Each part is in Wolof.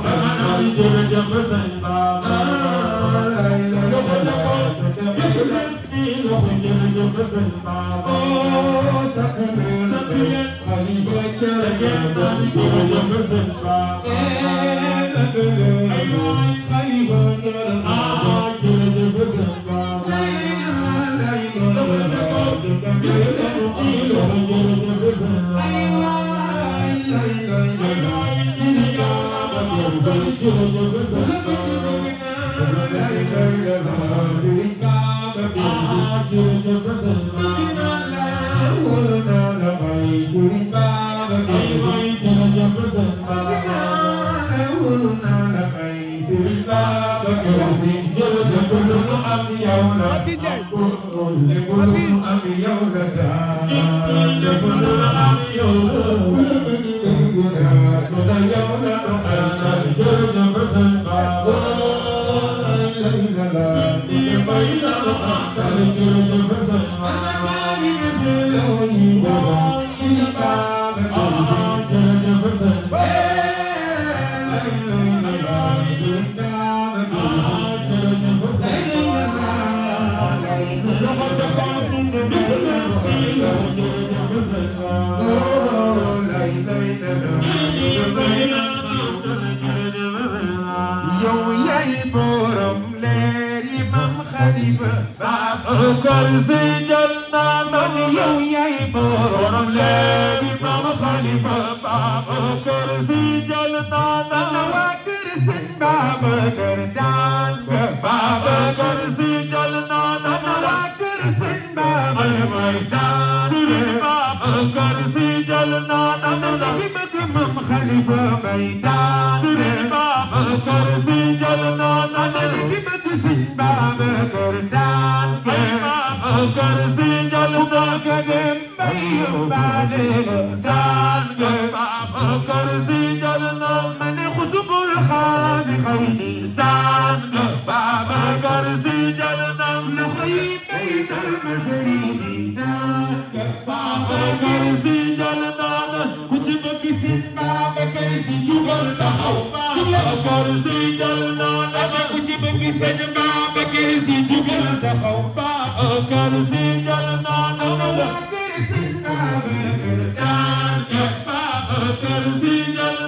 Khalifa Khalifa Thank you. kër si janna man yow yaay borom léegi maama Xalifa Baaba kër si janna man waa kër si Baaba kër daan nga Baaba kër si janna man waa kër si Baaba kër daan nga Baaba kër si janna man dafi bëgg maam Xalifa bay daan nga Baaba kër si janna man dafi bëgg si Baaba kër daan nga kër si njalu na nga dem bayu baale daan nga Babacar si njalu na ma ne xutubul xaali xayni daan nga Babacar si njalu na loxo yi baytal masari daan nga Babacar si njalu na bëgg si Babacar Si jugal taxaw Babacar Si dal naa la ku ci bëgg sëñ Babacar Si jugal taxaw Babacar Si dal naa la Babacar Si Babacar daan Babacar Si dal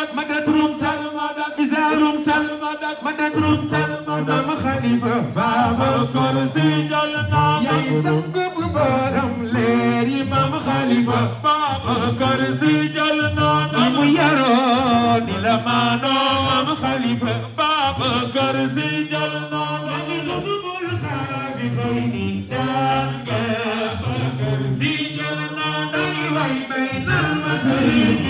مدد مدد رمتل إذا رمتل مدد رمتل مدام خليفة بابا كرسي جلنا يا سنقب بارم ليري مام خليفة بابا كرسي جلنا نم يرون لما نام خليفة بابا كرسي جلنا نم غضب الخافقين دانك بابا كرسي جلنا نم وي بين المسلمين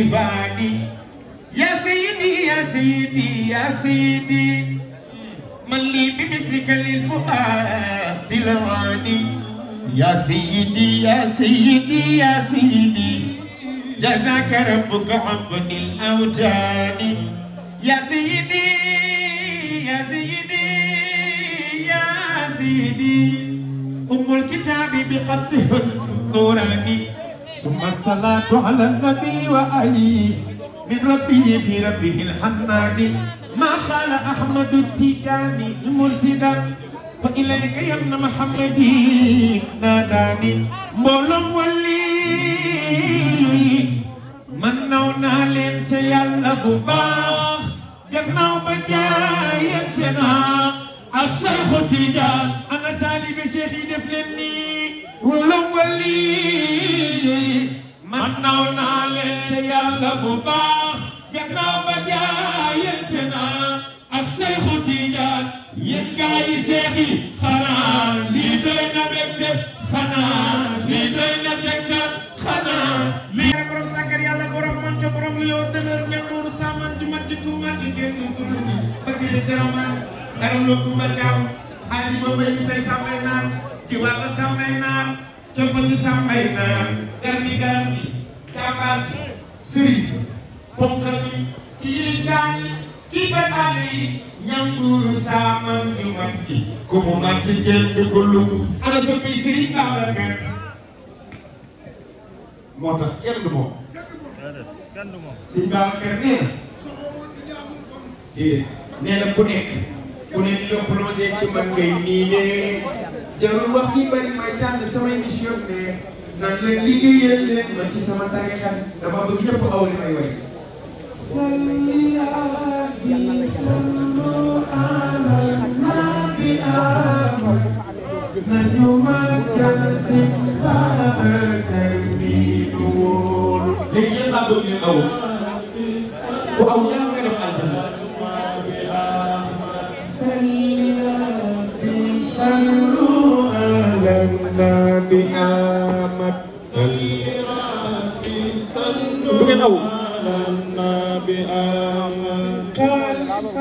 الدفان يا سيدي يا سيدي يا سيدي من لي بمثلك للفؤاد لواني يا سيدي يا سيدي يا سيدي جزاك ربك عن الأوجان يا سيدي يا سيدي يا سيدي أم الكتاب بقدر القرآن ثم الصلاة على النبي وآله من ربه في ربه الحنان ما قال أحمد التجاني المرسدا فإليك يا ابن محمد ناداني مولم ولي من نونا لنت يلا بباخ جناو بجايتنا الشيخ تجان أنا تالي بشيخي دفلني wala wali man naw naa leen ca yàlla bu baax gannaaw ba jaayante naa ak Seexu Tijaan yéen gaa yi seex yi xanaa lii doy na mbégte xanaa lii doy na tegtal xanaa lii borom sàggar yàlla borom man ca li yow dëgër ñàkkuur sàmman ju mat ci tuumal ci génn ku lu bëgg dara man dara loo kumba caam Aliou ba mbay naan ci wàllu sàmmay naan cogo ci naan garmi garmi jàmbaar ci sëriñ ponkal ki yëy ki bataale yi ñanguuru saamam ñu mat ci ana soppi sëriñ Babacar moo tax kenn du moom sëriñ Babacar nee ku ne di la plongé ci man ngay nii ne jarul wax ji bari may tànn sama émission ne nan leen liggéeyal leen ma ci sama tarixa dama bëgg ñëpp aw li may way salli abi sallu ala nabi ahmad nañu màggal si Babacar mi nu wóor léegi yéen laa bëgg ngeen aw ku aw لنا بها مثل بغن أو لنا بها مثل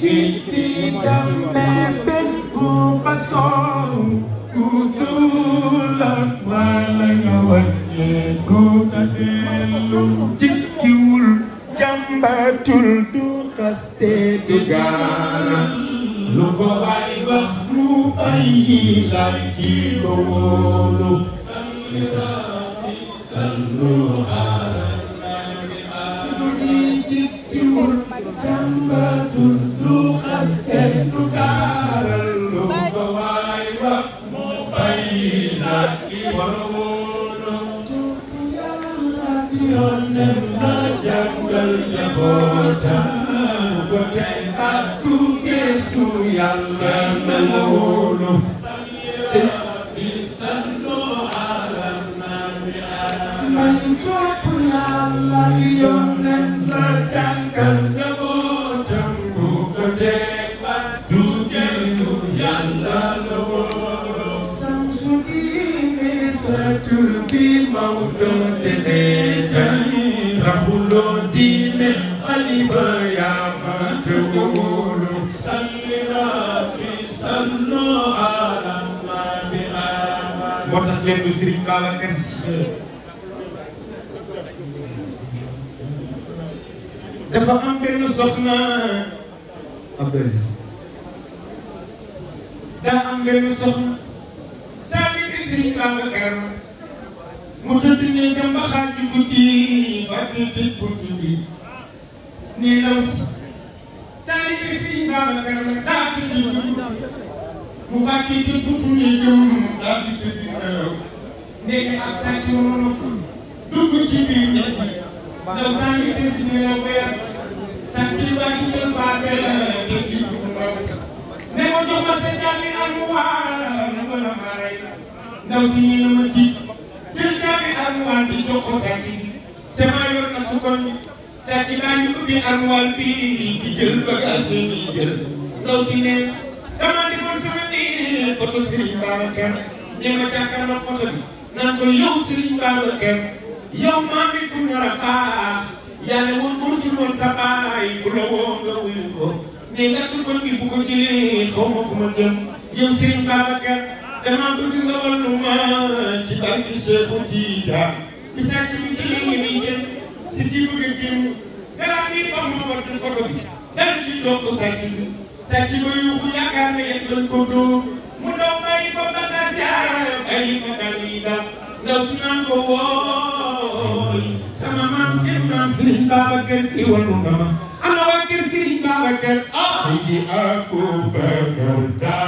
كيتي دم بكو بصو كتول مالك وجهكو تدل تكيول جنباتل دو خستي دو lu ko waay wax mu bàyyi la kii Lord. naan ko yow Serigne Babacar yow maa ngi ko ñor a baax yàlla woon ko si woon sa baay ku la woo nga wuyu ko ne nga tukkoon fi bu ko jëlee xaw ma fu ma jëm yow Serigne Babacar damaa bëgg nga wallu ma ci barke Cheikh Tidiane bisaa ci bi jëlee nga nii jëm si kii bëgg a jëm gannaaw bi ba mu war du photo bi dara ci doog ko sàcc bi sàcc ba yuuxu yaakaar na yéen lañ ko dóor mu doog bàyyi fa bagaas yaayam bàyyi fa daal yi daal ndaw si naan ko wooy sama maam seen maam Serigne Babacar si wàllu ndama ana waa kër Serigne Babacar ah di ak Bakar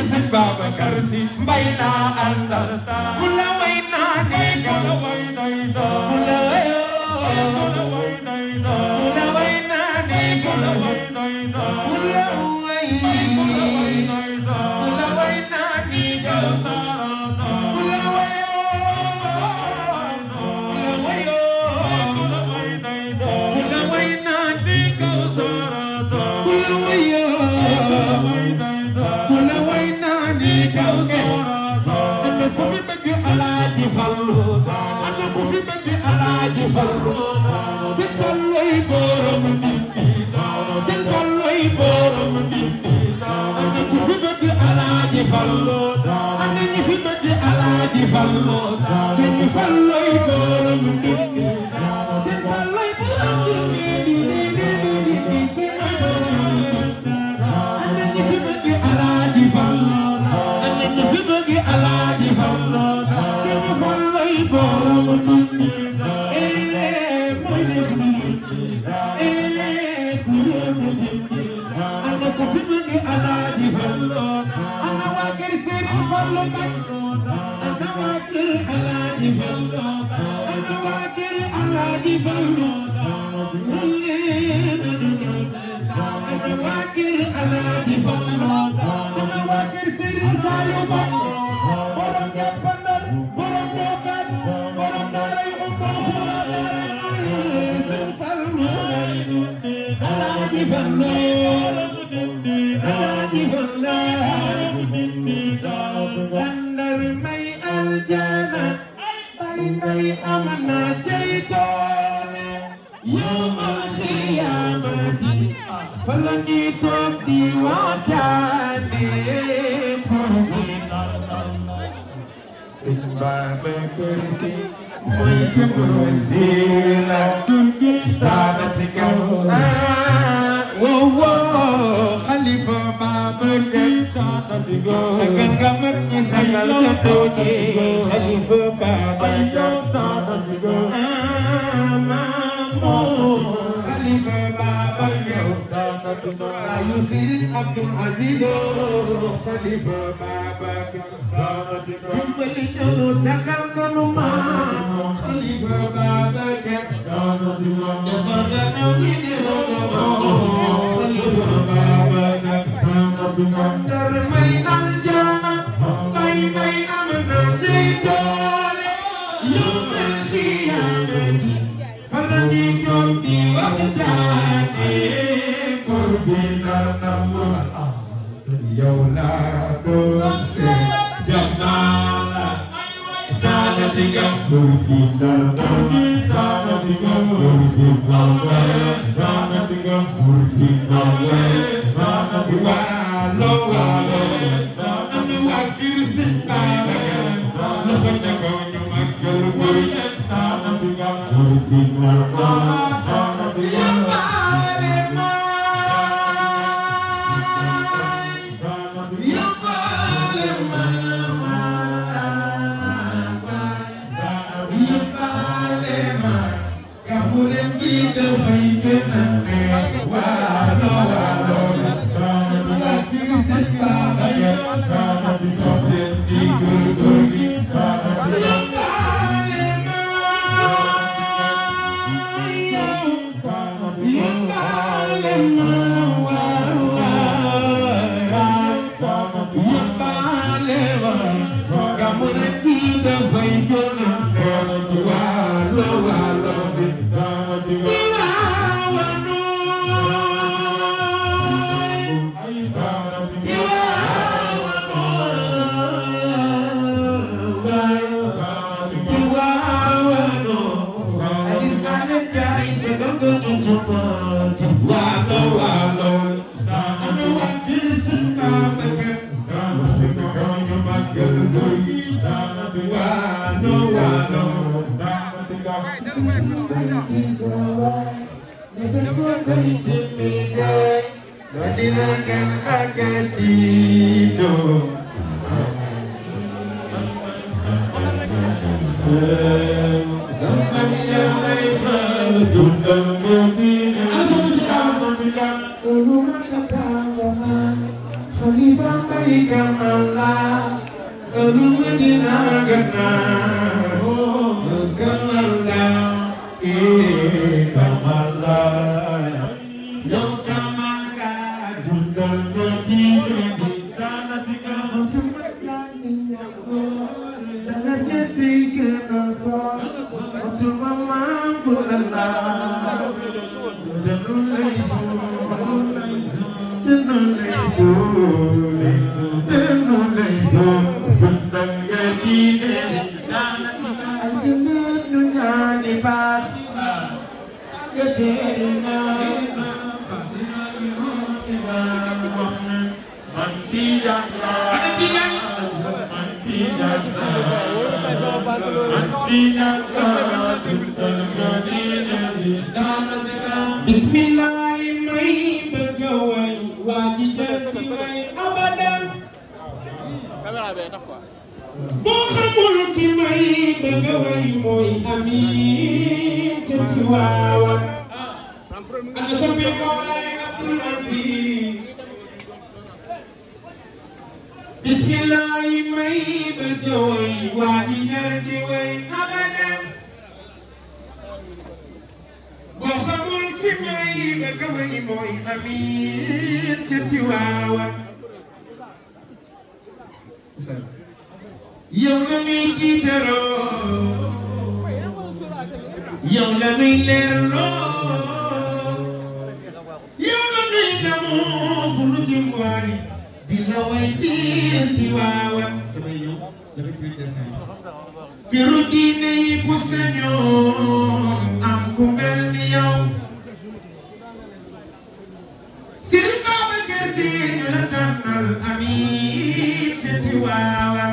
ci sëñ Babacar Si mbay naa àndal ku la way naa néegal ku la way naa néegal fallu ana falloy borom ndindi sëñ falloy borom ndindi fi bëgg alaaji fallu ana ñi falloy borom ndindi sëñ falloy Hallelujah. عبد العزيز خليفة مع باكر Thank you. الجنود ننادي باس يتيرنا Thank you. ki may bëgg way mooy amiin ca Tiwaawan ana soppi Mawlaay Abdul Aziz bismillaahi may bëgg way waa ji jar di way abadan boo xamul ki may bëgg way mooy amiin ca Tiwaawan yow la muy jiitaroo yow la muy leerloo yow la muy damoo fu nu jëm waay di la way biir ci waawan damay ñëw damay tuuti desaan këru diine yi bu sañoon am ku mel ni yow Sëriñ Babacar Si ñu la tànnal amit ci waawan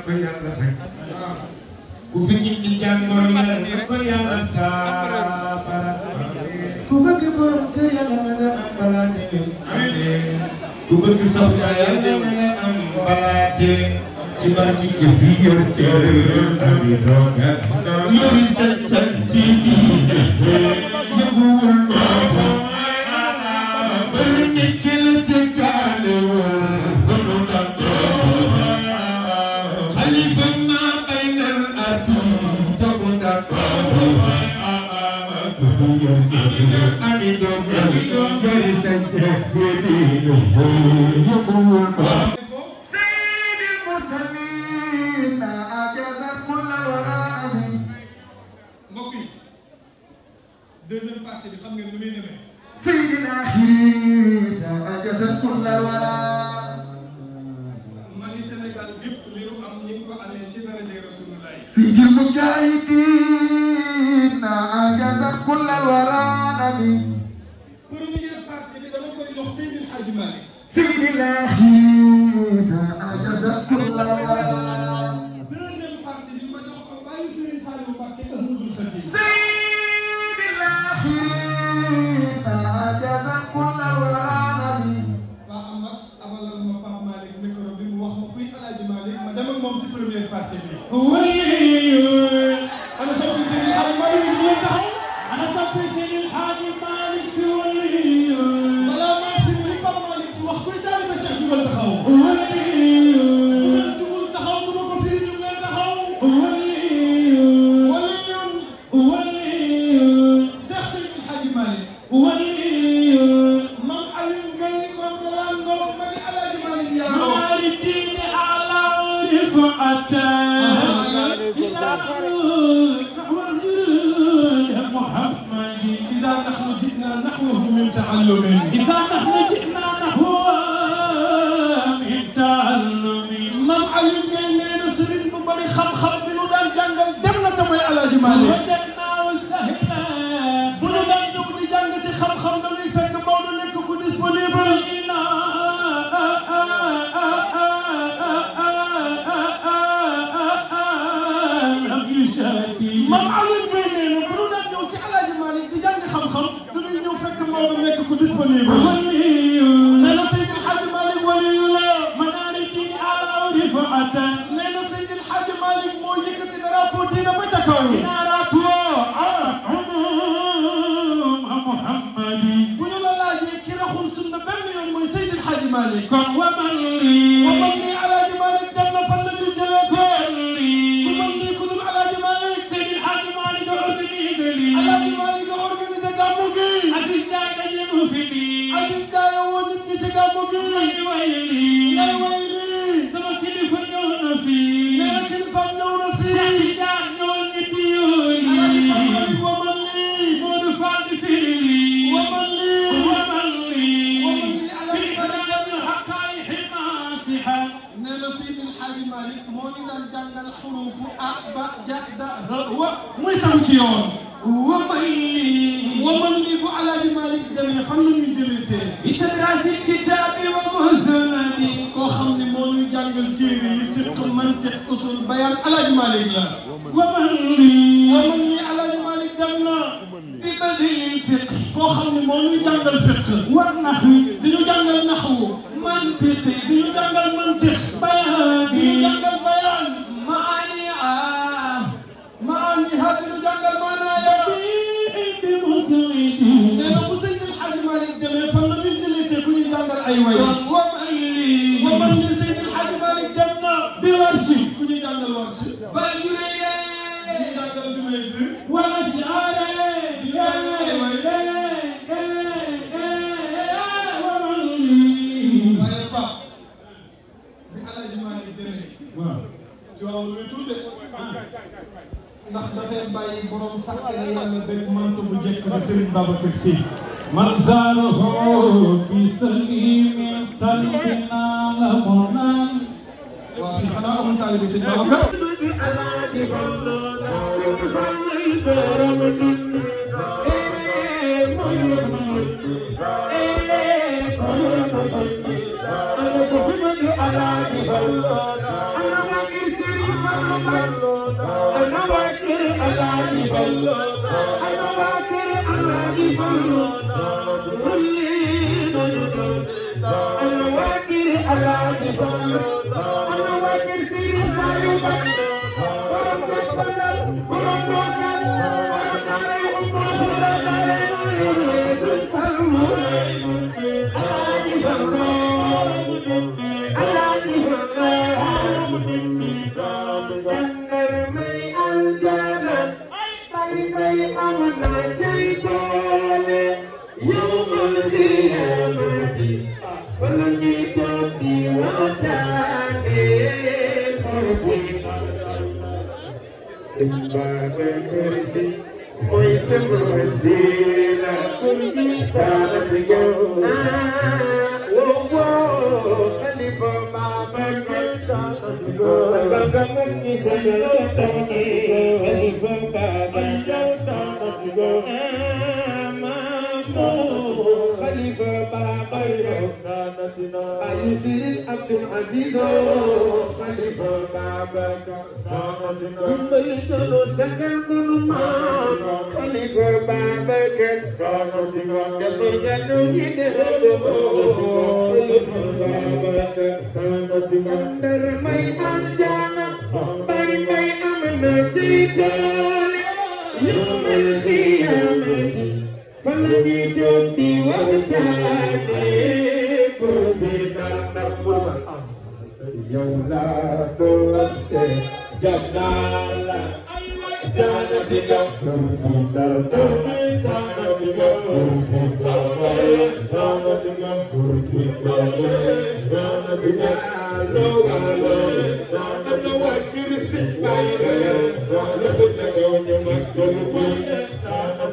jàngoro yàlla na ko yàlla saafara ku bëgg borom kër yàlla na nga am balaa déwén ku bëgg soxna yàlla na nga am balaa déwén ci barki ki fi yor cër yor ami dooga yori sa cant ci biir Amen. Seydi Laahi أنا واكر ألاقي فل أنا واكر ألاقي فل كلي نجوم أنا واكر ألاقي فل أنا واكر سير سالي الماء الكرسي ويس الوسيلة كانت جو وقلب مع من سبق من سبق خلف مع من خليفة بابيرو أيسير عبد الحميد خليفة بابك ثم يجلو سكن ما خليفة بابك دبر جنو خليفة بابك أندر ميدان جانا باي باي أمنا جيتان يوم القيامة fa la ñuy jóg di waxtaanee pour di dal ndax mu ma am yow laa doon seet jàpp naa la daana di dal pour di dal pour di daana di dal pour di dal waaye daana di dal pour di dal waaye daana di dal loo waa loo daana la wàcc si waaye daana la ko ca kaw ñu mag doon mooy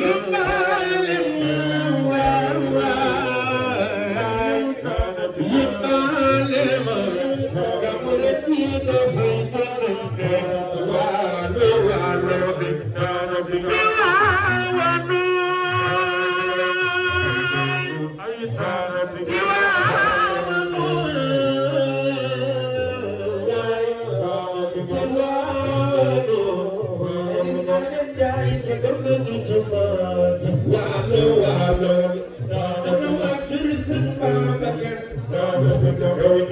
Thank you.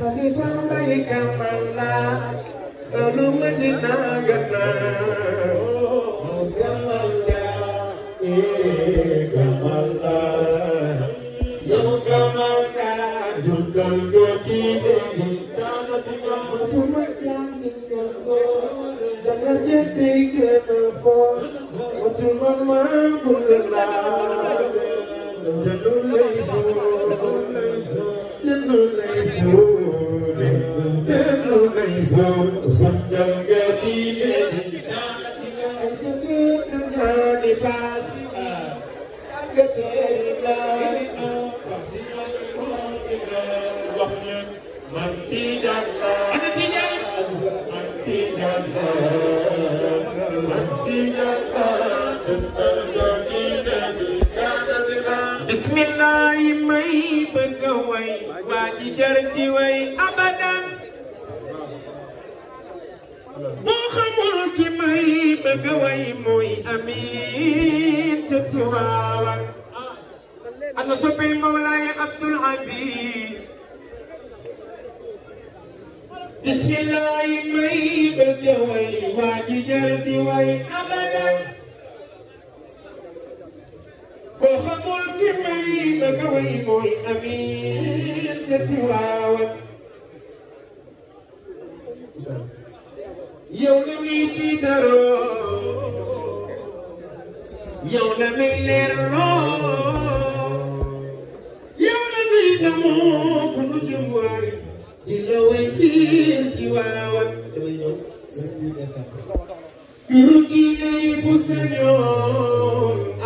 xalifa mbay kamal la lu ma di naa gannaaw kamal la ee kamal la yow kamal la dundal nga ci dégg daana di kam tu ma jaani ko daga jete kena fo watu ma mangu la Janulay so, janulay so. بسم الله ما يبقى وي واجي جرتي وي ابدا boo xamul ki may bëgg way mooy amiin ca Tiwaawan ana soppey Mawlaay Abdul Aziz bismillaay may bëgg way waa ji jël di way abadan boo xamul ki may bëgg way mooy amiin ca Tiwaawan yow la muy tiitaroo yow la muy leerloo yow la muy damoo nu jëm waay di la way biir ci waawat dama ñëw turu diine yi bu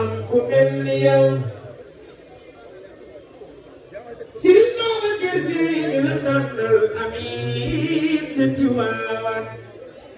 am ku mel ni yow sëriñ ñoo ba kese ñu la tànnal amiin te ci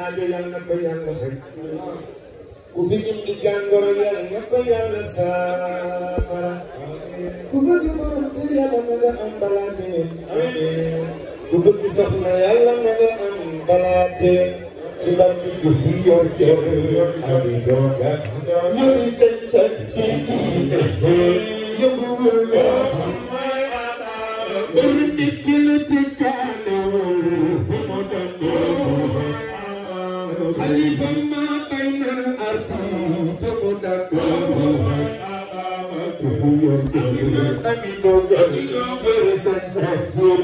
aajo yal na yal na ko yàlla saafara ku bëgg borom na nga am balaa déwén ku bëgg soxna yàlla na nga am balaa déwén ci bi fi yor I will قريبا ما بين الأرض تبدا يرجع أمين يرجع ñu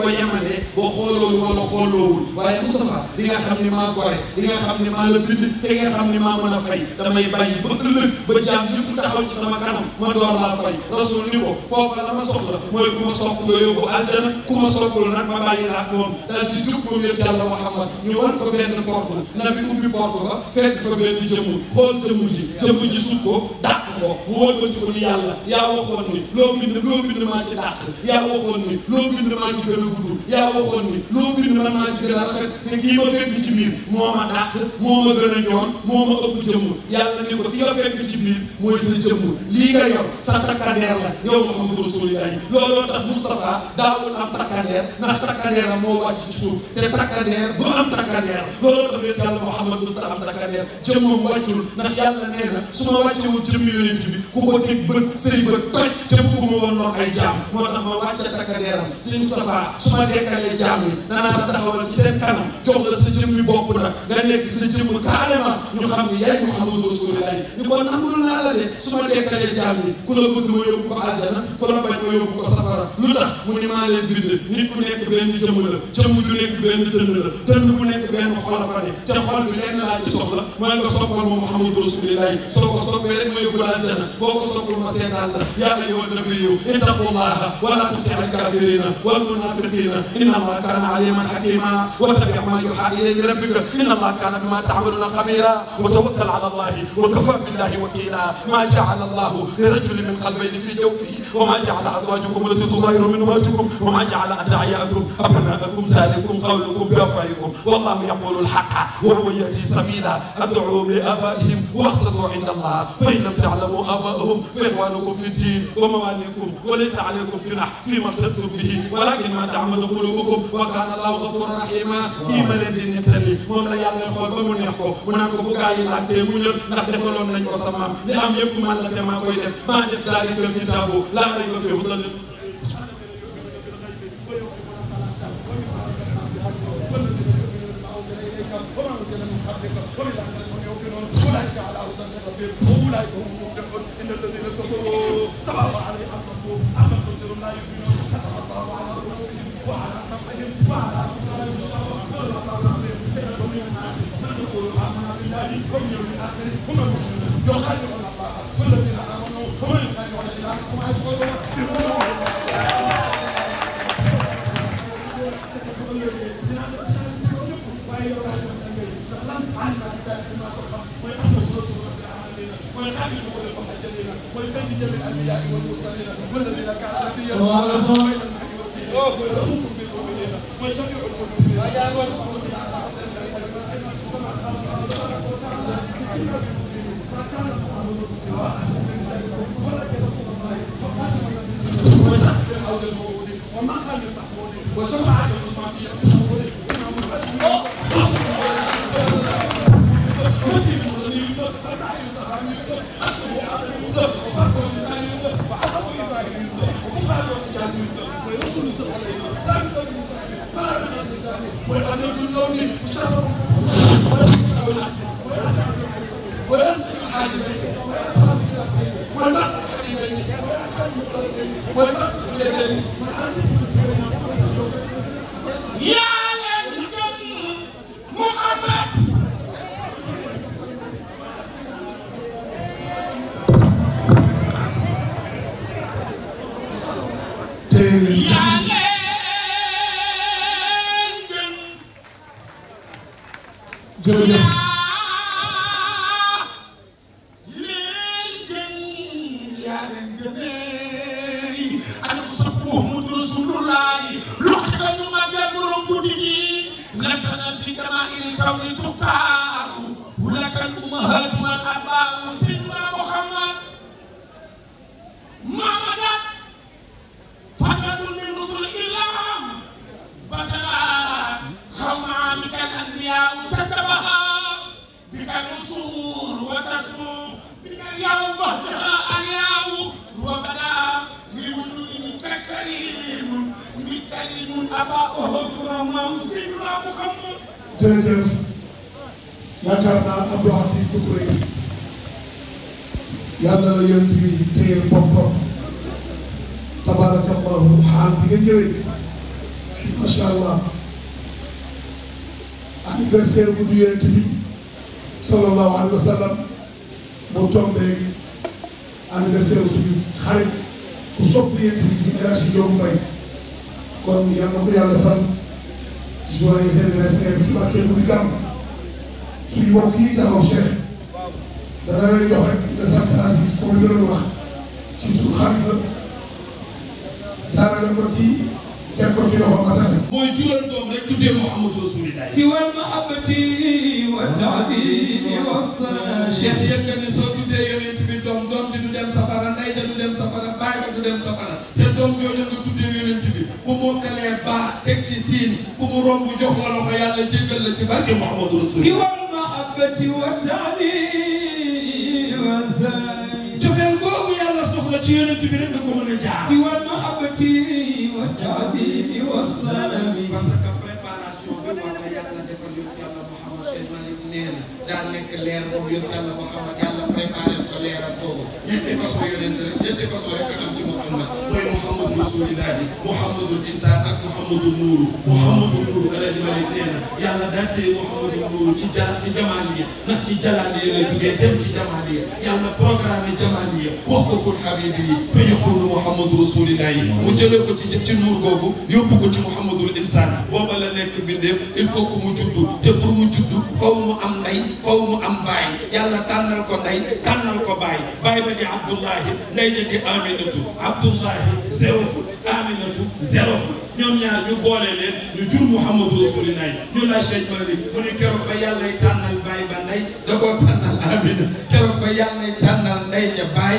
koy yemale boo xooloolu wala xooloowul waaye Moustapha di nga xam ne maa gore di nga xam ne maa la bind te nga xam ne maa mën a fay damay bàyyi ba ëllëg ba jaam ñëpp taxaw ci sama kanam ma door laa fay rasul ni ko foofa la ma soxla mooy ku ma sopp nga yóbbu àjjana ku ma soppul nag ma bàyyi laa moom daal di jub ko yëpp yàlla Muhammad ñu wan ko benn porte na bi ubbi porte xool jëmm ji jëmm ji suuf ko dàq ko wëlbati ko ni yàlla yaa waxoon ni loo bind loo bind maa ci dàq yaa waxoon ni loo bind maa ci gën a a te kii ma fekk ci biir moo ma dàq moo ma gën a moo ma ëpp jëmm yàlla ne ko ki nga fekk ci biir mooy sa jëmm lii nga yor sa takkandeer la yow Muhammadu Rasulullah looloo tax Moustapha daawul am takkandeer ndax takkandeer la moo wàcc ci suuf te takkandeer bu am takkandeer looloo tax yàlla Muhammad Moustapha am takkandeer jëmmam wàccul ndax yàlla nee na su ma wàccewul yonent ku ko teg bët say bët toj te bëgguma woon noonu ay jaam moo tax ma wàcca takka deeram sëñ Moustapha su ma dekkalee jaam yi danaa la naa la de su ma dekkalee jaam yi ku la bëgg ma yóbbu ko aljana ku la bañ ma yóbbu ko safara lu mu ni maa leen bind nit ku nekk benn jëmm la jëmm ju nekk benn dënd la dënd bu nekk benn xol la fa ne te xol bi lenn laa ci soxla mooy nga soppal moom Muhammadu Rasulullah soo ko soppee rek ma yóbbu laa àjjana boo ko soppul ma seetaan la yaa ayyuha nabiyyu ittaqullaha wa la tuti al kafirina wal munafiqina inna ma kana aliman hakima wa tabi ma yuha ilayhi rabbika inna ma kana bima ta'maluna khabira wa tawakkal ala allahi wa kafa billahi wakila ma ja'ala allahu li rajulin min qalbayni fi jawfihi wa ma ja'ala azwajukum allati tuzahiru minhum wa ma ja'ala ad'iyaakum abnaakum zalikum qawlukum bi afwahikum wallahu yaqulu al haqqa wa huwa yahdi sabila ad'u li abaihim wa aqsitu inda allah fa in lam ta'lamu واعلموا آباءهم فإخوانكم في الدين ومواليكم وليس عليكم جناح فيما ابتدتم به ولكن ما تعمد قلوبكم وكان الله غفورا رحيما kii ma leen di nettali moom la yàlla xool ba mu neex ko mu naan ko bu gaa yi laajtee mu ñëw ndax defaloon nañ ko sa maam li am yëpp man la te maa koy def maa def zaalika kitaabu laa rayba fiihi hudan lil ربهم لا يكونوا مفلحون إن الذين كفروا سواء عليهم أنفقوا أم تنذرهم لا يؤمنون ختم الله على قلوبهم وعلى سمعهم وعلى أبصارهم غشاوة ومن الناس من يقول آمنا بالله واليوم الآخر هم المسلمون يخادعون الله والذين والقابل هو الوحد الجليل والفرد جميع الانبياء والمرسلين والذين كانوا نبيا ورسول بالمؤمنين وشفيع المؤمنين وسحب الحوض الموعود ومقام المحمود وشفاعة المصطفى كريم من كريم أباؤه كرماء سيدنا محمد jërëjëf yaakaar naa Abdou Aziz Doucouré yàlla la yonent bi téyel boppam tabarakallahu xaal bi ngeen ñëwee macha allah anniversaire bu du yonent bi sallallahu alayhi wa sallam mu tombee anniversaire suñu xarit ku sopp yéen tamit di El Hadj Ndiogou Mbaye kon yal na ko yàlla fan joyeux anniversaire ci barke bu di gàmm suñu mbokk yi taxaw Cheikh danaa lay jox rek nga sant Aziz comme li nga ci turu xalifa daanaka ko ci teg ko ci loxo Masaka. mooy jural doom dem safara te doom jooju nga tuddee yonent bi ku mu kalee baax teg ci siin ku mu romb jox la loxo yàlla jéggal la ci barke Muhammadu Rasul si wal mahabbati wa taali wa saay jofeel googu yàlla soxla ci yonent bi rek nga ko mën a jaar si wal mahabbati wa taali daa nekk leer boobu yëpp yàlla Muhammad yàlla préparé ko leeral boobu ñetti façon yonent ñetti façon rek am ci Muhammad mooy Muhammad rasulillahi muhammadul insan ak muhammadul nuuru muhammadul nuuru alaji malik nee na yàlla daa téye muhammadul nuuru ci ja ci jamaal yi ndax ci jalaal yi lay jugee dem ci jamaal yi yàlla programme jamaal yi wax ko kun xabibi yi fa yakunu muhammadu rasulillahi mu jëlee ko ci ci nuur googu yóbbu ko ci muhammadul insan booba la nekk bindeef il faut que mu juddu te pour mu juddu faw mu am ndey faw mu am baay yàlla tànnal ko ndey tànnal ko baay baay ba di abdullahi ndey ja di aminatu abdullahi foot Aminatu zéro foot ñoom ñaar ñu boole leen ñu jur Muhammadu Rasulillah ñu la Cheikh Mali mu ne keroog ba yàlla tànnal baay ba ndey da koo tànnal Amina keroog ba yàlla tànnal ndey ja baay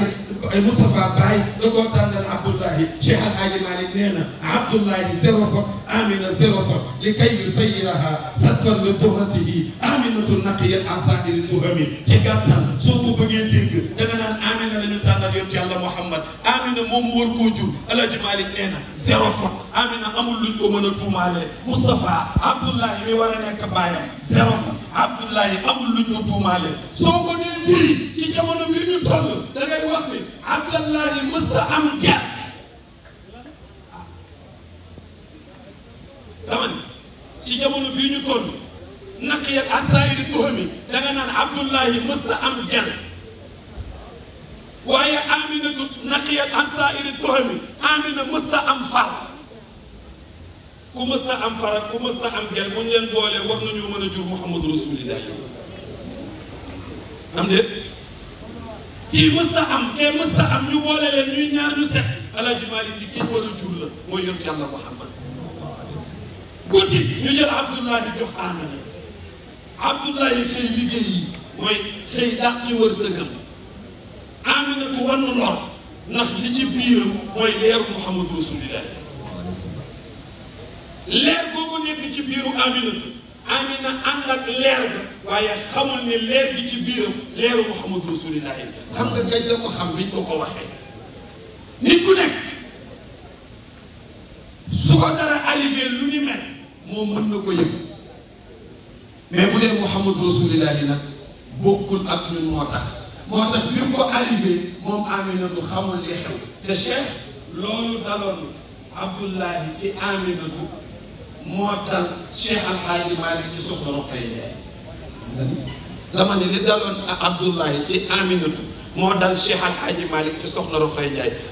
Moustapha baay da koo tànnal Abdullahi Cheikh El Hadji Malick nee na Abdullahi zéro foot Amina zéro foot li kay yu sayiraha satfar li durratihi Aminatu naqiyat an saa'iri tuhami ci gàttal soo ko bëggee dégg da nga naan Amina la ñu tànnal yoon ci yàlla Muhammad Amina moomu war koo jur El Hadj Malick Amina amul luñ ko mën a tuumaalee Moustapha Abdoulaye mi war a baayam zéro faute Abdoulaye luñ ko tuumaalee soo ko nee fii ci jamono bi ñu toll da ngay wax ni Abdoulaye am ger dama ci jamono bii ñu toll naq yeeg ak saa yu di tuxami am ger waaye aminatu naqiyat an saa'iri tuhami amina mësta am far ku mësta am far ak ku mësta am gel bu ñu leen boolee war nañoo mën a jur muhammadu rasulillah am déet kii mësta am kee mësta am ñu boole leen ñuy ñaar ñu set alaaji maalik bi kii war a jur la mooy yor ci yàlla muhammad guddi ñu jël abdullahi jox amina abdullahi xëy liggéey mooy xëy dàq ci wërsëgam Aminatu wan na lor li ci biir mooy leeru Muhammadu Rasulillah leer googu nekk ci biiru Aminatu Amina ànd leer ga waaye xamul ne leer gi ci biiram leeru Muhammadu Rasulillah xam nga gaj la ko xam biñ ko ko waxee nit ku nekk su ko dara arrivé lu ni mel moom mën na ko yëg mais bu dee Muhammadu Rasulillah nag bokkul ak ñun moo tax moo tax bi ko arrivé moom Aminatu xamul li xew te Cheikh loolu daloon Abdullahi ci Aminatu moo dal Cheikh Al Hadj ci soxla Roqay Njaay Njaay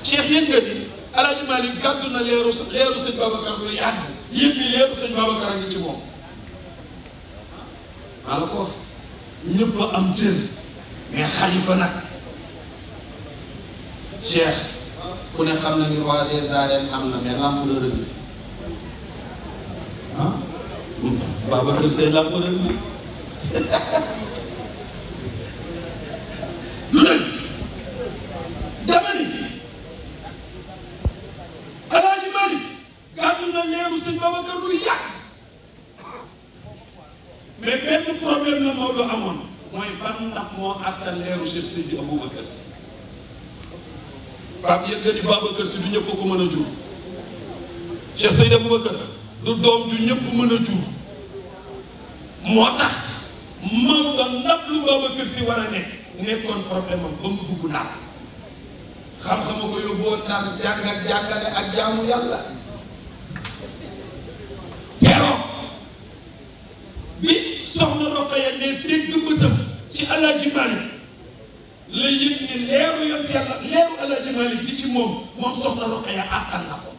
Cheikh yéen nga ni Al Hadj na leeru leeru sëñ Babacar lu yàgg yéen ñi leeru sëñ a ngi ci moom maa la ko ñëpp am cër. mais xalifa nag cheikh ku ne xam na ni roi des arènes am na mais l'empereur bi ah Babacar Seye l'empereur bi àttan leeru Cheikh Seydi Aboubacar Si Pape yëg nga ni Babacar Si du ñëpp ko mën a jur Cheikh Seydi Aboubacar du doom du ñëpp mën a jur moo tax maam nga ndab lu Babacar Si war a nekk nekkoon problème ba mu dugg ndax xam-xama ko yóbboo ndax jàng ak jàngale ak jaamu yàlla keroog bi soxna Rokhaya ne dégg bëtam ci Alaaji Maalik la yëg ne leeru yont yàlla leeru Alaaji Maalik ji ci moom moom soxna Roqaya àttan na ko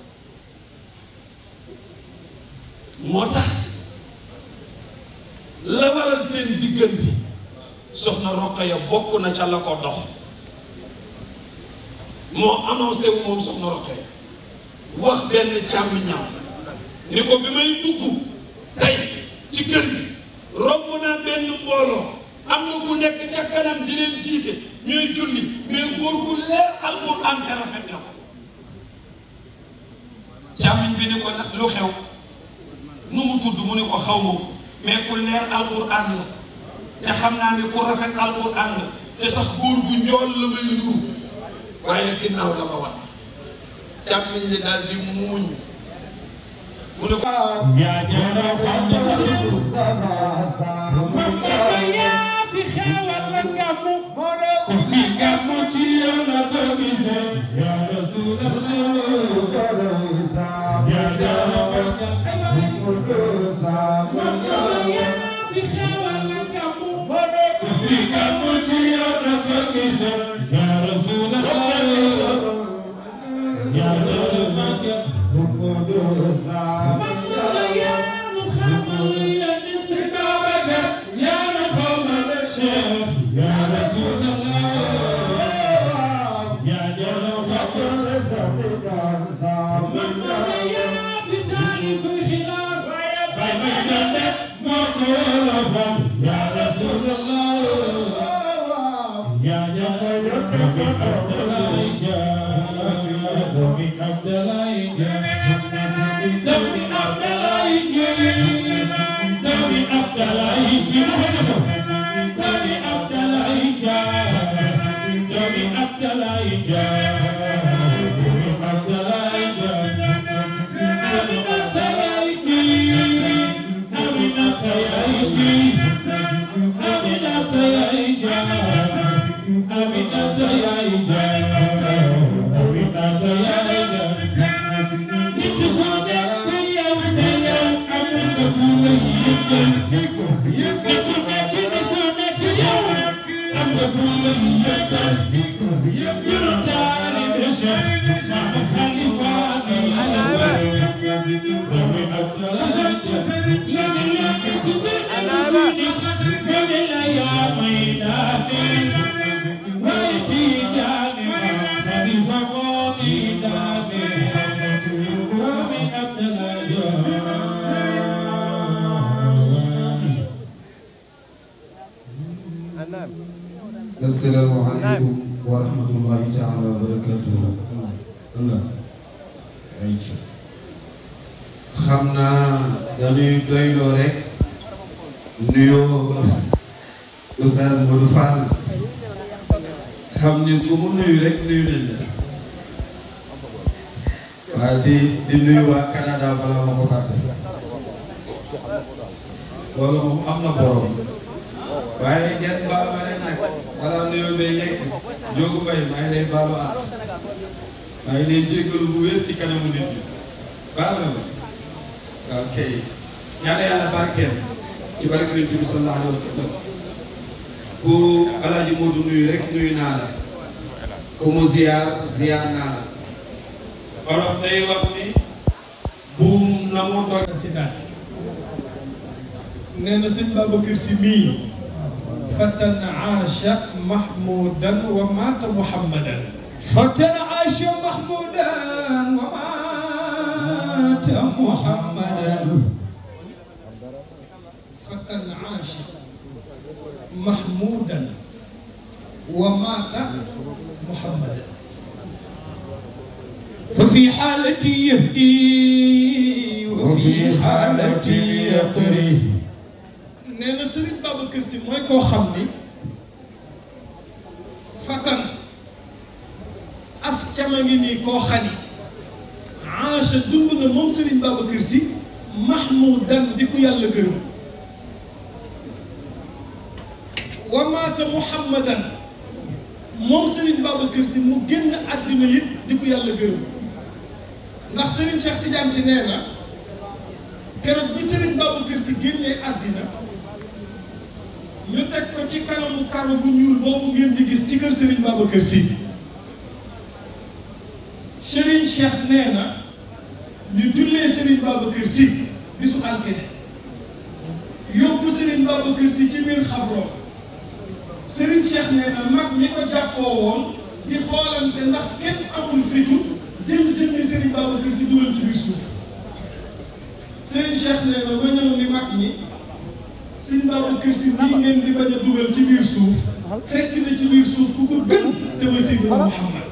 moo tax la waral seen diggante soxna Roqaya bokk na ca la ko dox moo annoncé wu moom soxna Roqaya wax benn càmmiñam ni ko bi may dugg tey ci kër gi romb naa benn mbooloo am na ku nekk ca kanam di leen jiite ñooy julli mais góor gu leer alquran te rafet na ko càmmiñ bi ni ko lu xew nu mu tudd mu ne ko xaw mais ku leer alquran la te xam naa ne ku rafet alquran la te sax góor gu njool la may nuru waaye ginnaaw la ma wan càmmiñ li daal di muuñ ne ko. si xewal la gàmmu ku fi gàmmu ci yow la ko gisee yaa Rasulallah yaa jaabaka si xewal la gàmmu ku fi gàmmu ci yow la ko gisee يا رسول الله يا يا يا Amen. lay jéggalu bu wér ci kanamu nit na ma waaw kay ñaan mu ziyaar ziyaar naa la Wolof day wax ni na mu doy ci daat عاش محمودا ومات محمدا فكان عاش محمودا ومات محمدا ففي حالتي يهدي وفي حالتي يقري nee na Serigne Babacar Sy mooy koo xam ni fakkan as cama ngi nii koo xani ange dund na moom Serigne Babacar Sy mahmudan di ko yàlla gërëm wamaata muhammadan moom Serigne Babacar Sy mu génn àddina yit di ko yàlla gërëm ndax Serigne Cheikh Tidiane Sy nee na keroog bi Serigne Babacar Sy génnee àddina ñu teg ko ci kanamu karo bu ñuul boobu ngeen di gis ci kër Serigne Babacar Sy Serigne Cheikh nee na ñu jullee Serigne Babacar Sy bisu altine yóbbu Serigne Babacar Sy ci biir xabroom Serigne Cheikh nee na mag ñi ko jàppoo woon di xoolante ndax kenn amul fitu jëm jëmmi Serigne Babacar Sy dugal ci biir suuf Serigne Cheikh nee na ma ñëw ni mag ñi Serigne Babacar Sy nii ngeen di bañ a dugal ci biir suuf fekk na ci biir suuf ku ko gën te ma Seydina Muhammad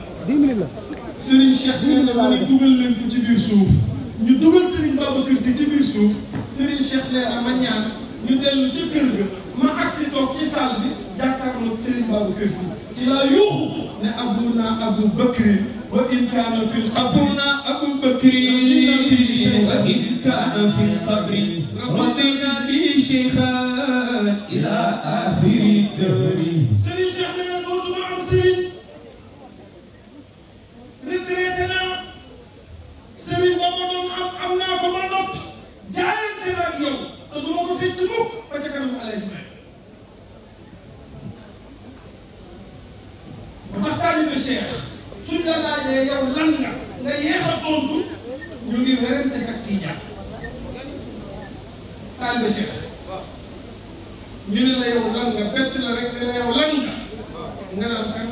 Serigne Cheikh nee na mu ne dugal leen ko ci biir suuf ñu dugal Serigne Babacar Sy ci biir suuf Serigne Cheikh nee na ma ñaan ñu toog ci salle bi jàkkaarloog Serigne Babacar Sy ci laa yuuxu ne Abu Bakri wa in kaana fil abuna wa in kaana fil qabri rabbina bi la ma doon am am naa ko ba noppi jaayante na ak yow te du ma ko fecc mukk ba ca kanam Alaaji Maalik ba tax taalibe Cheikh suñ la laajee yow lan nga nga yéex a tontu ñu ngi werante sa tiijaan taalibe Cheikh ñu ne la yow lan nga bett la rek ne la yow lan nga nga naan kan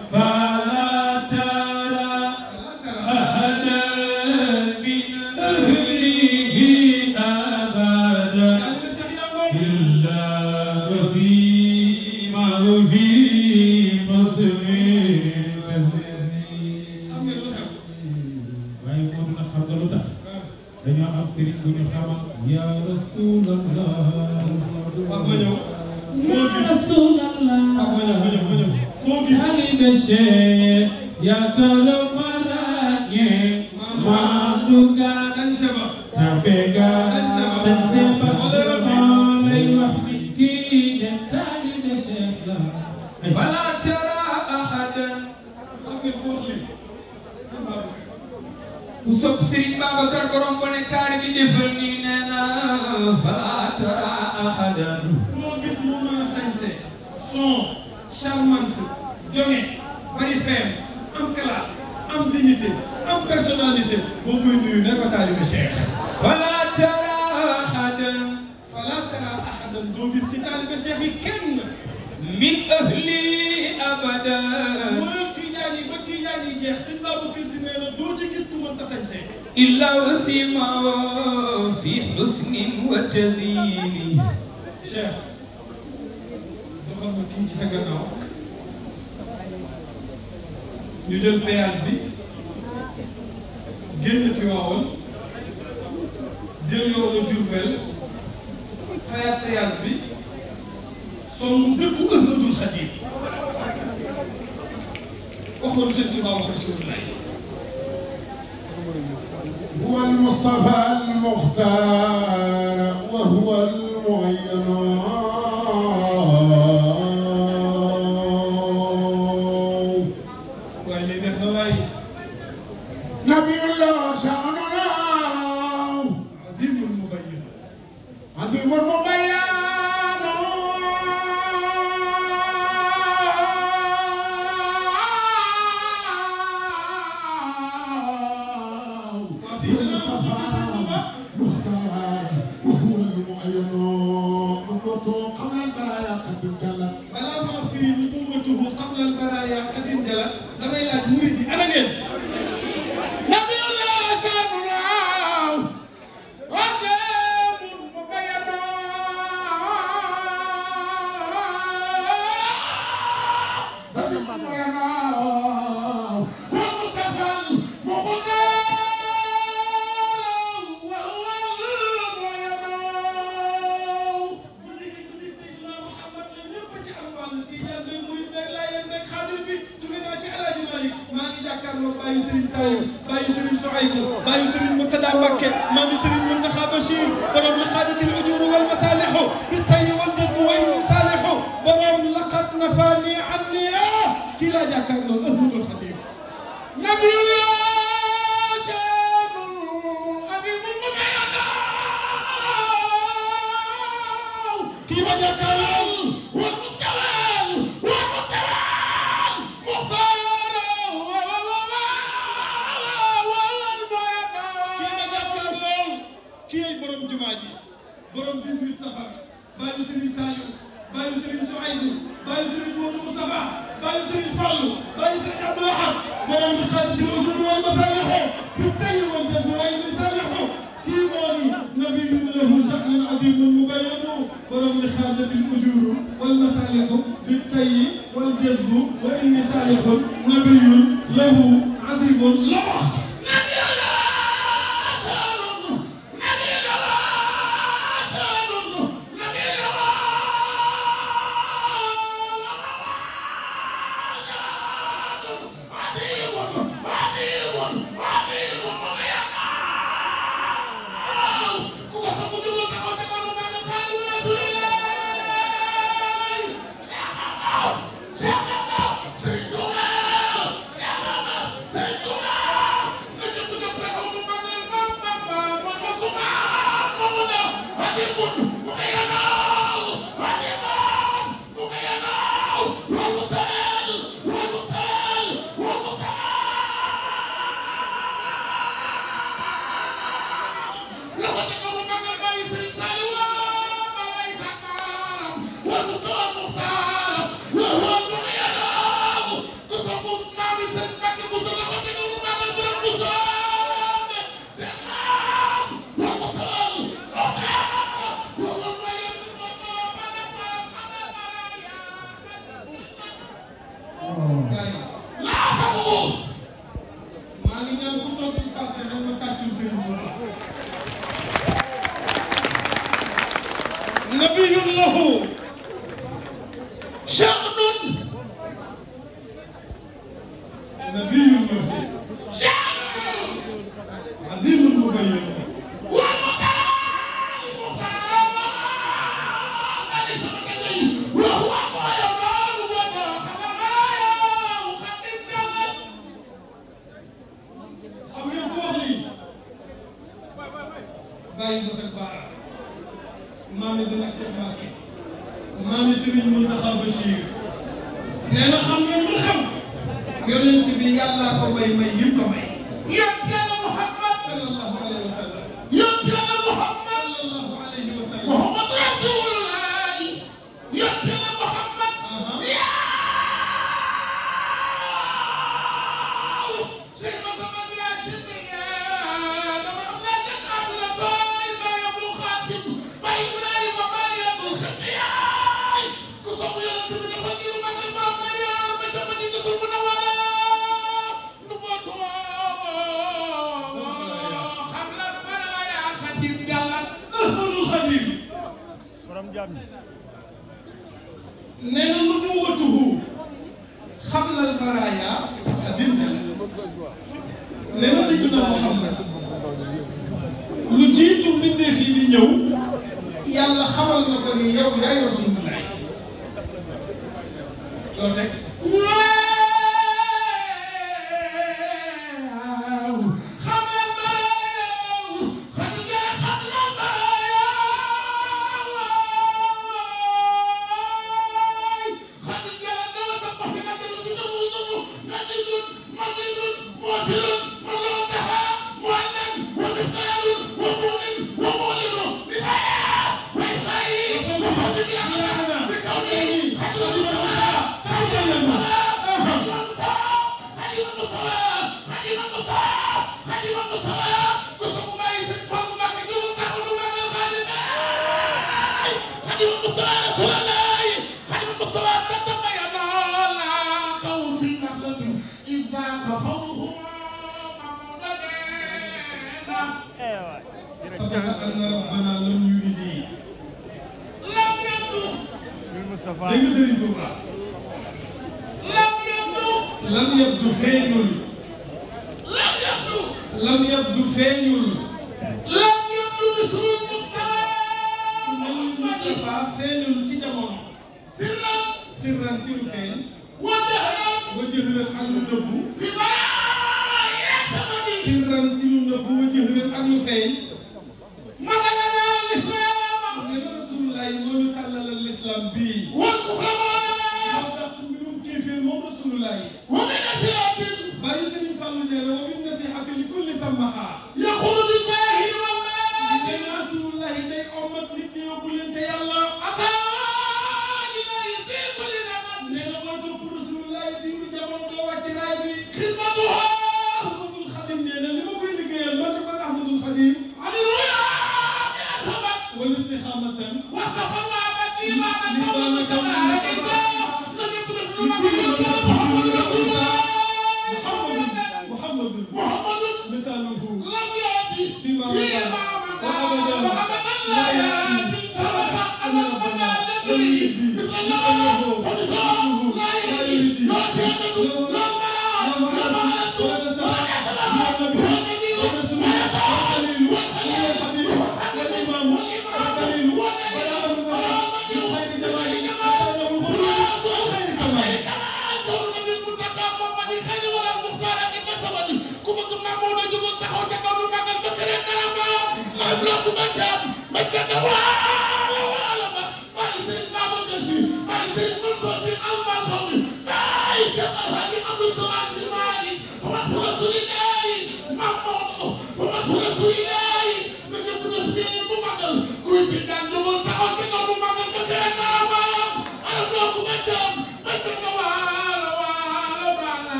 Rasulullah هو المصطفى المختار وهو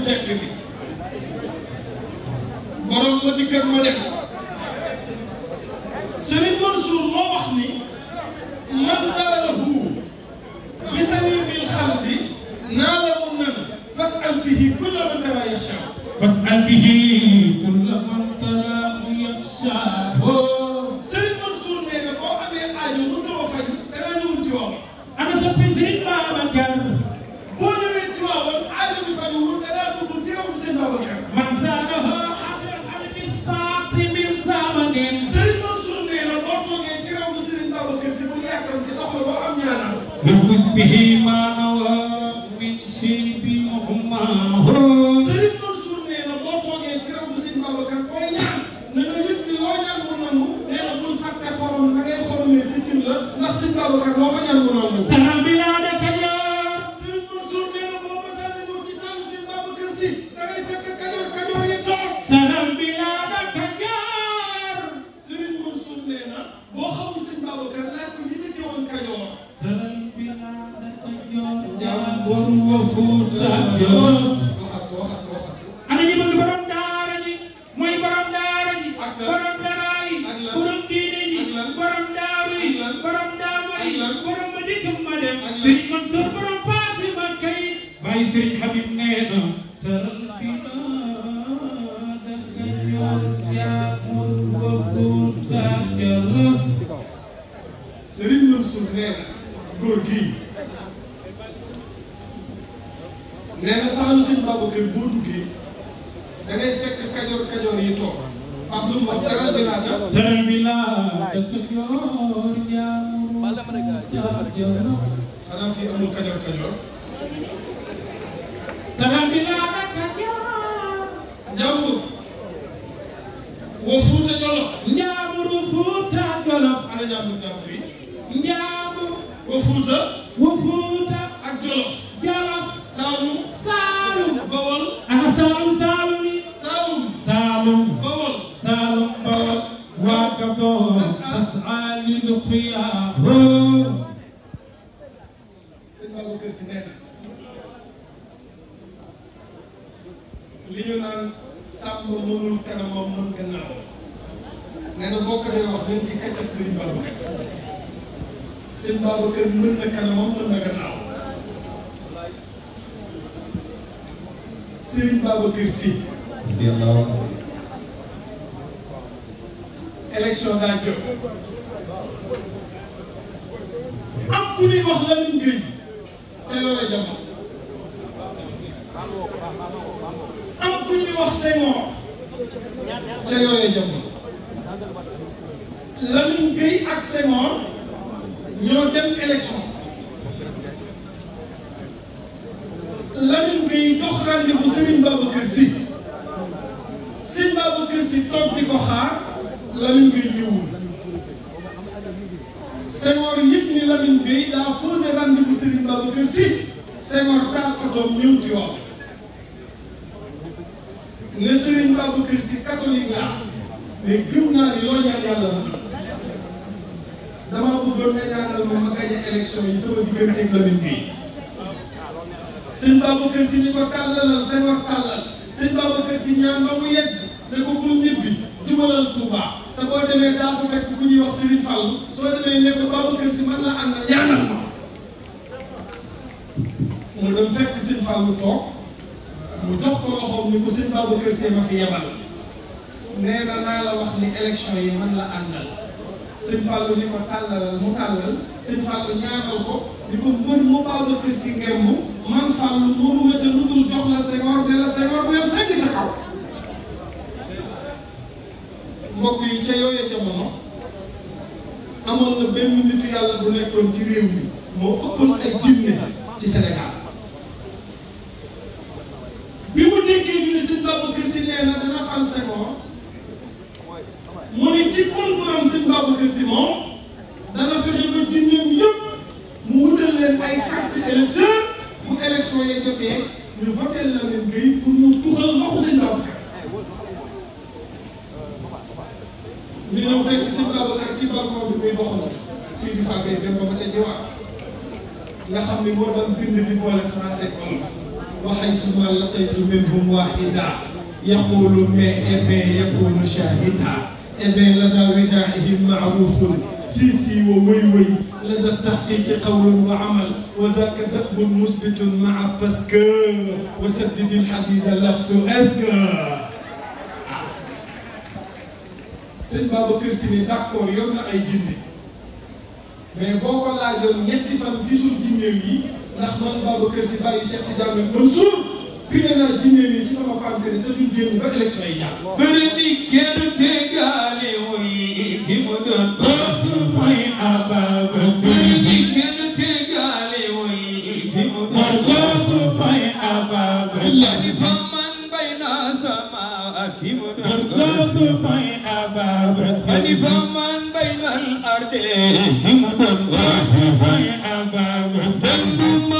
bu njëkk bi Serigne Mansour nee na góor gii nee na saalu sëñ Babacar boo duggee da ngay fekk kajoor kajoor yi toog am lu mu wax teral bi laa ka teral bi laa ka kajoor jaamu xanaa fii amul kajoor kajoor teral bi laa ka kajoor njàmbur wa fuuta jolof njàmbur fuuta Jolof ana ñaata ñaata bi. Njaabu. wa Fuuta. wa Fuuta. ak Jolof. Jolof. Saalum. Saalum. Bawol. ana Saalum Saalum yi. Saalum. Saalum. Bawol. Saalum Bawol. waa Gabon. As'al luqiya. sëñ Babacar Si nee na li ñu naan sàmm mënul kanamam mën gannaaw nee na bokk day wax même ci kàccat Serigne Babacar Serigne Babacar mën na kanamam mën na gannaaw Serigne Babacar Sy. élection daa jot am ku ni wax la leen gëj ca loola jamono am ku ñuy wax Senghor ca yooyee jamono Lamine ak Senghor ñoo dem élection Lamine Gueye jox rendez-vous Serigne Babacar Sy Serigne Babacar Sy ko xaar Lamine Gueye ñëwul yëpp ni Lamine daa fausé rendez-vous Serigne Babacar Sy Senghor taal otoom ne Serigne Babacar Sy catholique mais gëm naa ne loo ñaan yàlla ma damaa bëggoon nga ñaanal ma ma gañe élection yi sama digganteeg Lamine Gueye sëñ Babacar Si ni ko tàllalal sa war tàllal sëñ Babacar Si ñaan ba mu yegg ne ko bul ñibbi jubalal Touba te boo demee daa fa fekk ku ñuy wax Serigne Fall soo demee ne ko Babacar Si man la ànd ñaanal ma mu dem fekk sëñ Fall mu mu jox ko loxoom ni ko sëñ Babacar Si ma fi yebal nee na naa la wax ni élection yi man la àndal sëñ Fallou ni ko tàllalal mu tàllal sëñ Fallou ñaanal ko ni ko mbër mu Babacar Si ngemb man Fallou mënuma ca lu dul jox la Senghor yi ca yooya jamono amoon réew mi bi mu déggee ñu ne sëñ Babacar Si dana fal Senghor wàllu si moom dana fexe ba jinneem yëpp mu wutal leen ay carte électeur bu élection yi jotee ñu voté la leen Gueye mu tuxal waxu sëñ Babacar ñu ñëw fekk sëñ Babacar ci balcon bi nga xam ni moo doon bind di boole français wolof waxay suma laqaytu minhum wahida yaqulu mais eh yaqulu shahida ebe lada widaa'ihim ma'ruufun sii sii wa wëy lada taxqiiqi qawlun wa amal wa zaaka dabun musbitun maa parce que wa saddidi lxadiisa lafsu est-ce que sëñ Babacar Si ne d'accord yor na ay jinne mais boo ko laajoon ñetti fan gisul jinne yi ndax man Babacar Si bàyyi Cheikh Tidiane Mansour pire naa jigéen ñi ci sama partenaire te duñ génn ba élection yi jàll. bëri bi génn te gaale wul ki mu doon doon mooy Ababacar. bëri bi génn te gaale wul ki mu doon doon mooy Ababacar. yàlla fa man bay naa sama ak ki mu doon doon mooy Ababacar. yàlla fa man bay naa arde ki mu doon doon mooy Ababacar.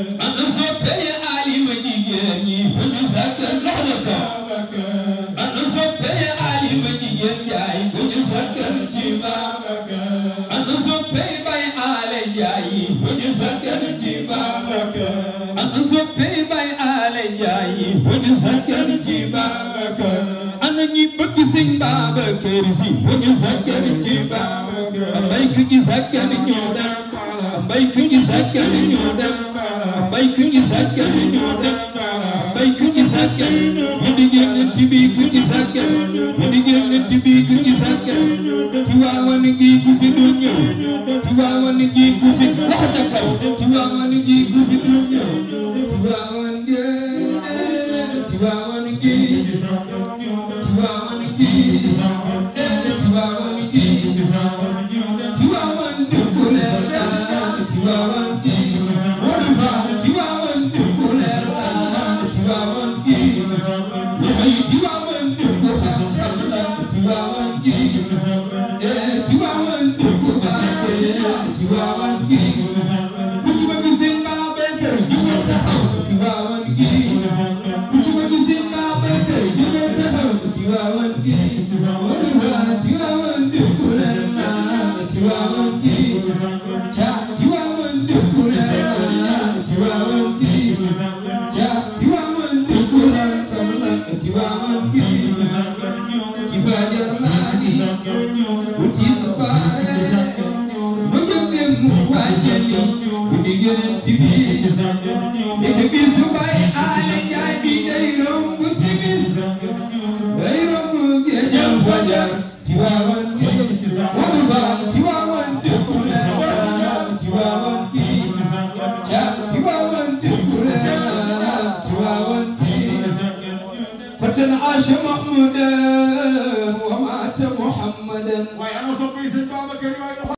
sakkan ci baabaka ana soppee bay aale njaay wañu sakkan ci baabaka ana ñi bëgg sëñ Babacar Si wañu sakkan ci baabaka mbay ku ci sakkan ñoo dem mbay ku ci sakkan ñoo dem bay ku ñu sàggan ñoo dem bay ku ñu sàggan ñu di génn tibi ku ñu sàggan ñu di génn tibi ku ñu sàggan Tiwaawan gi ku fi dul ñëw Tiwaawan gi ku fi loxo ca kaw Tiwaawan gi ku fi dul ñëw Tiwaawan gi Tiwaawan gi Tiwaawan gi Tiwaawan nu jóg leen mu waaje li guddi yonent bi nit bi su bay aale njaay bi day romb ci bis day romb géejal fajar ci waawan gi wadu faal ci waawan dëkku leen ci waawan gi caam ci waawan dëkku leen ci waawan gi fatan aasha mahmuda